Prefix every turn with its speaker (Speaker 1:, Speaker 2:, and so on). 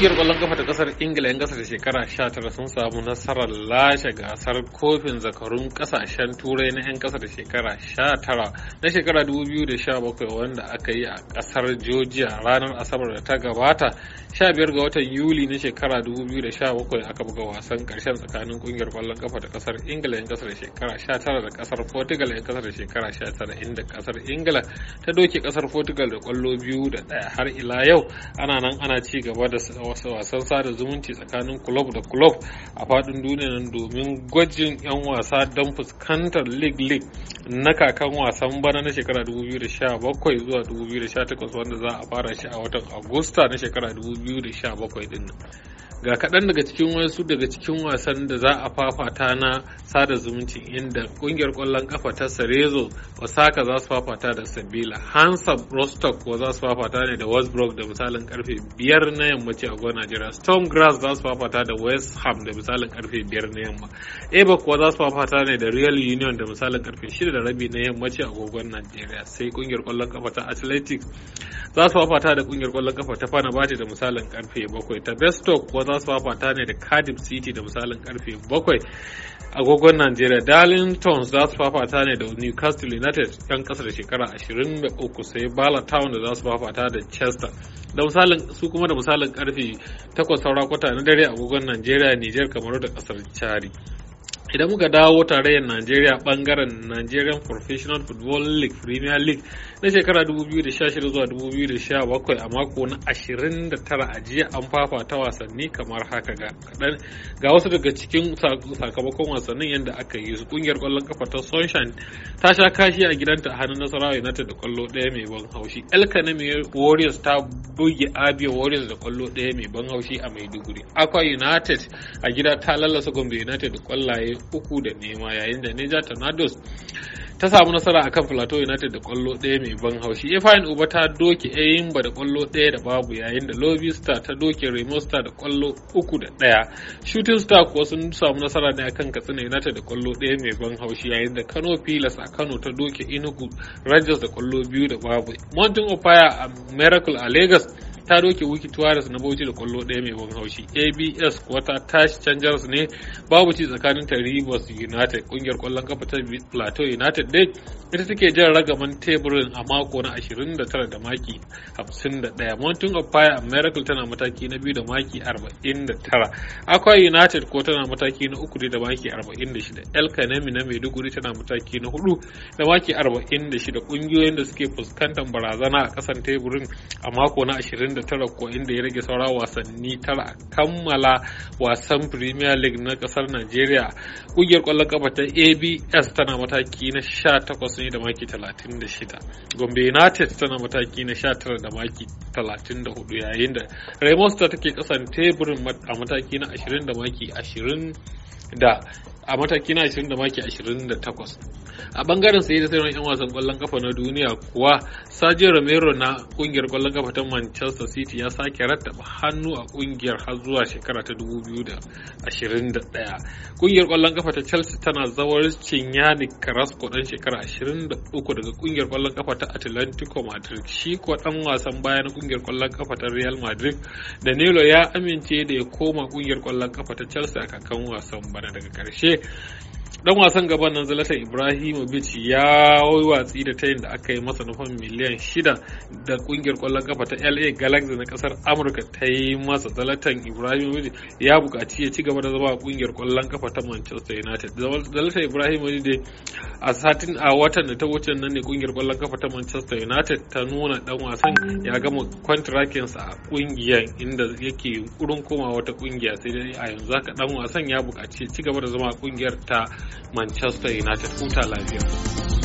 Speaker 1: Ƙungiyar ƙwallon kafa ta ƙasar Ingila 'yan ƙasar da shekara 19 sun samu nasarar lashe gasar kofin zakarun kasashen turai na 'yan kasa da shekara 19 na shekara 2017 wanda aka yi a ƙasar Georgia ranar Asabar da ta gabata 15 ga watan Yuli na shekara 2017 aka buga wasan karshen tsakanin kungiyar kwallon kafa da kasar Ingila yan kasar shekara 19 da kasar Portugal yan kasar shekara 19 inda kasar Ingila ta doke kasar Portugal da kwallo biyu da daya har ila yau ana nan ana ci gaba da wasan sada zumunci tsakanin club da club a fadin duniya nan domin gwajin yan wasa don fuskantar league league na kakan wasan bana na shekara 2017 zuwa 2018 wanda za a fara shi a watan Agusta na shekara 2018 2017 din nan ga kaɗan daga cikin wasu daga cikin wasan da za a fafata na sada zumunci inda ƙungiyar ƙwallon ƙafa ta Cerezo Osaka za su fafata da Sabila Hansa Rostock ko za su fafata ne da Westbrook da misalin karfe 5 na yammaci a gona Najeriya Storm Grass za su fafata da West Ham da misalin karfe 5 na yamma Eba kuwa za su fafata ne da Real Union da misalin karfe 6 da rabi na yammaci a gogon Najeriya sai ƙungiyar ƙwallon ƙafa ta Athletics za su fafata da ƙungiyar ƙwallon ƙafa ta Fenerbahce da misalin karfe 7 ta Bestock za su fafata ne da Cardiff City da misalin karfe 7 agogon Najeriya Darlington za su fafata ne da Newcastle United yan kasa da shekara 23 sai Bala Town da za su fafata da Chester da misalin su kuma da misalin karfe 8 saura kwata na dare agogon Najeriya Niger Kamaru da kasar Chari idan muka dawo tarayyar najeriya bangaren nigerian professional football league premier league na shekara 2016 zuwa 2017 a mako na 29 a jiya an fafata wasanni kamar haka ga ga wasu daga cikin sakamakon wasannin yadda aka yi su kungiyar kwallon kafa ta sunshine ta sha kashi a gidanta a hannun nasarawa united da kwallo daya mai ban haushi elkanami warriors ta buge abia warriors da kwallo daya mai ban haushi a maiduguri aqua united a gida ta lallasa gombe united da kwallaye uku da nema yayin da Niger Tornadoes ta samu nasara akan Plateau United da kwallo ɗaya mai ban haushi. Ifeanyi Uba ta doke Eyimba da kwallo ɗaya da babu yayin da Lobby Star ta doke Remo Star da kwallo uku da ɗaya. Shooting Star kuwa sun samu nasara ne akan Katsina United da kwallo ɗaya mai ban haushi yayin da Kano Pilas a Kano ta doke Enugu Rangers da kwallo biyu da babu. Mountain of Fire a Miracle a Lagos ta doke wiki tuwares na bauchi da kwallo ɗaya mai ban haushi abs kuwa ta tashi canjars ne babu ci tsakanin ta rivers united ƙungiyar kwallon kafa ta plateau united dai ita take jan ragaman teburin a mako na 29 da maki 51 mountain of fire a miracle tana mataki na biyu da maki 49 aqua united ko tana mataki na uku da maki 46 el kanami na maiduguri tana mataki na hudu da maki 46 kungiyoyin da suke fuskantar barazana a kasan teburin a mako na 29 ko inda ya rage saura wasanni tara a kammala wasan premier league na kasar nigeria kungiyar kwallon kafa ta abs tana mataki na 18 sun yi da maki 36 gombe united tana mataki na 19 da maki 34 yayin da raymonster take kasan teburin a mataki na 20 da maki 20 da a mataki na 20 da maki 28 a bangaren saye da sayarwar 'yan wasan kwallon kafa na duniya kuwa Sergio Romero na kungiyar kwallon kafa ta Manchester City ya sake rattaba hannu a kungiyar har zuwa shekara ta 2021 kungiyar kwallon kafa ta Chelsea tana zawar Cinyani Carrasco dan shekara 23 daga kungiyar kwallon kafa ta Atlantico Madrid shi ko dan wasan baya na kungiyar kwallon kafa ta Real Madrid Danilo ya amince da ya koma kungiyar kwallon kafa ta Chelsea a kakan wasan bana daga karshe dan wasan gaban nan zalatan ibrahimovic ya watsi da tayin da aka yi masa nufan miliyan shida da kungiyar kwallon kafa ta la galaxy na kasar amurka ta yi masa zalatan ibrahimovic ya bukaci ya ci gaba da zama a kungiyar kwallon kafa ta manchester united zalatan ibrahimovic dai a satin a watan da ta wuce nan ne kungiyar kwallon kafa ta manchester united ta nuna dan wasan ya gama kwantirakinsa a kungiyar inda yake kurin koma wata kungiya sai dai a yanzu haka dan wasan ya bukaci ya ci gaba da zama a kungiyar ta manchester united huta lafiya